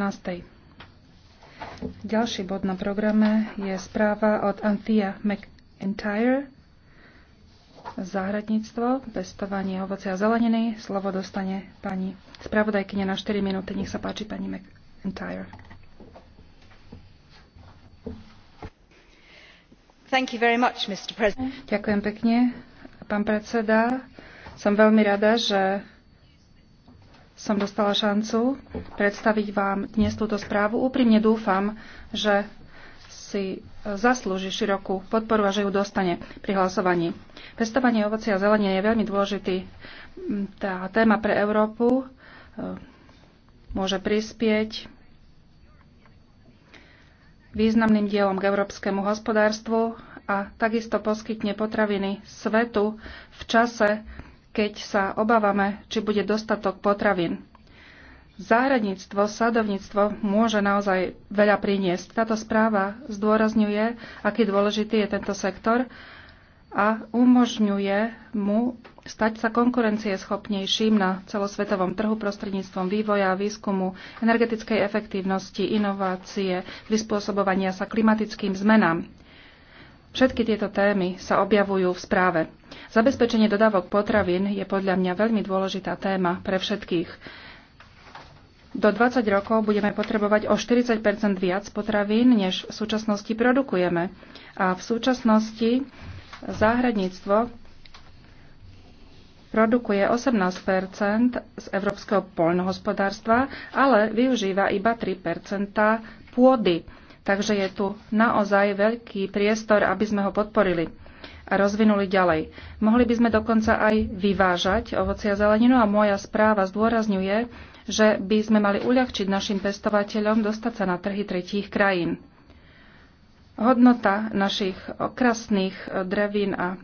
12. Ďalší bod na programe je správa od Anthea McIntyre. Záhradníctvo, pestovanie ovoce a zeleniny. Slovo dostane pani spravodajkyne na 4 minúty. Nech sa páči pani McIntyre. Thank you very much, Mr. President. Ďakujem pekne, pán predseda. Som veľmi rada, že som dostala šancu predstaviť vám dnes túto správu. Úprimne dúfam, že si e, zaslúži širokú podporu a že ju dostane pri hlasovaní. Pestovanie ovocia a zelenia je veľmi dôležitý. Tá téma pre Európu e, môže prispieť významným dielom k európskemu hospodárstvu a takisto poskytne potraviny svetu v čase, keď sa obávame, či bude dostatok potravín. Záhradníctvo, sadovníctvo môže naozaj veľa priniesť. Táto správa zdôrazňuje, aký dôležitý je tento sektor a umožňuje mu stať sa konkurencieschopnejším na celosvetovom trhu prostredníctvom vývoja, výskumu, energetickej efektívnosti, inovácie, vyspôsobovania sa klimatickým zmenám. Všetky tieto témy sa objavujú v správe. Zabezpečenie dodávok potravín je podľa mňa veľmi dôležitá téma pre všetkých. Do 20 rokov budeme potrebovať o 40 viac potravín, než v súčasnosti produkujeme. A v súčasnosti záhradníctvo produkuje 18 z európskeho poľnohospodárstva, ale využíva iba 3 pôdy. Takže je tu naozaj veľký priestor, aby sme ho podporili a rozvinuli ďalej. Mohli by sme dokonca aj vyvážať ovoci a zeleninu a moja správa zdôrazňuje, že by sme mali uľahčiť našim pestovateľom dostať sa na trhy tretích krajín. Hodnota našich okrasných drevín a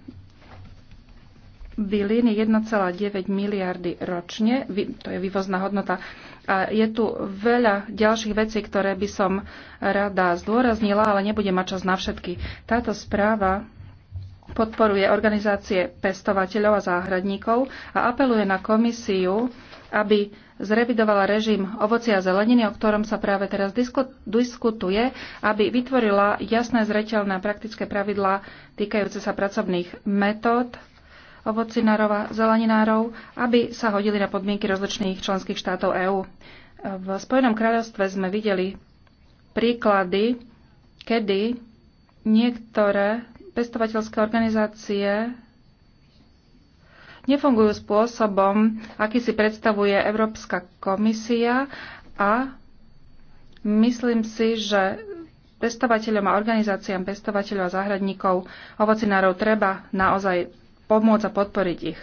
bylín je 1,9 miliardy ročne, to je vývozná hodnota. A je tu veľa ďalších vecí, ktoré by som rada zdôraznila, ale nebudem mať čas na všetky. Táto správa podporuje organizácie pestovateľov a záhradníkov a apeluje na komisiu, aby zrevidovala režim ovocia a zeleniny, o ktorom sa práve teraz diskutuje, aby vytvorila jasné, zreteľné a praktické pravidlá týkajúce sa pracovných metód ovocinárov a zeleninárov, aby sa hodili na podmienky rozličných členských štátov EÚ. V Spojenom kráľovstve sme videli príklady, kedy niektoré pestovateľské organizácie nefungujú spôsobom, aký si predstavuje Európska komisia a myslím si, že pestovateľom a organizáciám pestovateľov a záhradníkov ovocinárov treba naozaj pomôcť a podporiť ich.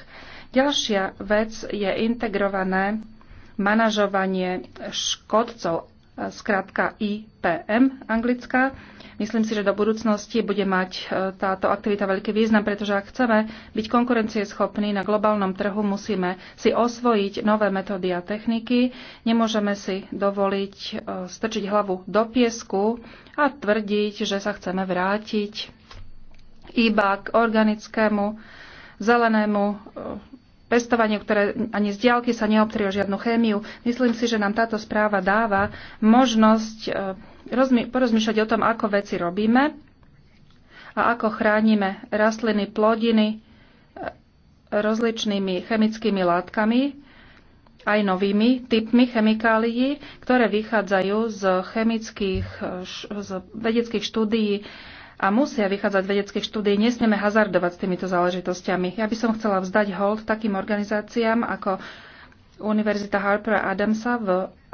Ďalšia vec je integrované manažovanie škodcov, e, skratka IPM anglická. Myslím si, že do budúcnosti bude mať e, táto aktivita veľký význam, pretože ak chceme byť konkurencieschopní na globálnom trhu, musíme si osvojiť nové metódy a techniky. Nemôžeme si dovoliť e, strčiť hlavu do piesku a tvrdiť, že sa chceme vrátiť iba k organickému zelenému e, pestovaniu, ktoré ani z diálky sa neobtrie o žiadnu chémiu. Myslím si, že nám táto správa dáva možnosť e, porozmýšľať o tom, ako veci robíme a ako chránime rastliny, plodiny e, rozličnými chemickými látkami, aj novými typmi chemikálií, ktoré vychádzajú z chemických, z vedeckých štúdií a musia vychádzať vedeckých štúdií. Nesmieme hazardovať s týmito záležitostiami. Ja by som chcela vzdať hold takým organizáciám ako Univerzita Harpera Adamsa v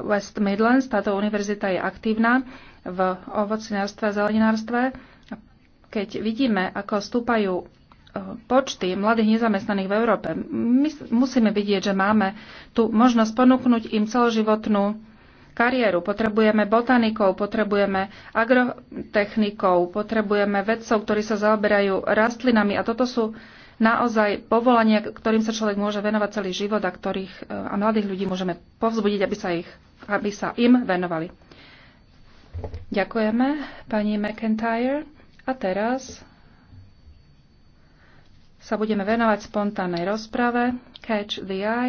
West Midlands. Táto univerzita je aktívna v ovocinárstve a zeleninárstve. Keď vidíme, ako stúpajú e, počty mladých nezamestnaných v Európe, my musíme vidieť, že máme tu možnosť ponúknuť im celoživotnú kariéru. Potrebujeme botanikov, potrebujeme agrotechnikov, potrebujeme vedcov, ktorí sa zaoberajú rastlinami a toto sú naozaj povolania, ktorým sa človek môže venovať celý život a, ktorých, e, a mladých ľudí môžeme povzbudiť, aby sa, ich, aby sa im venovali. Ďakujeme pani McIntyre. A teraz sa budeme venovať spontánnej rozprave Catch the Eye.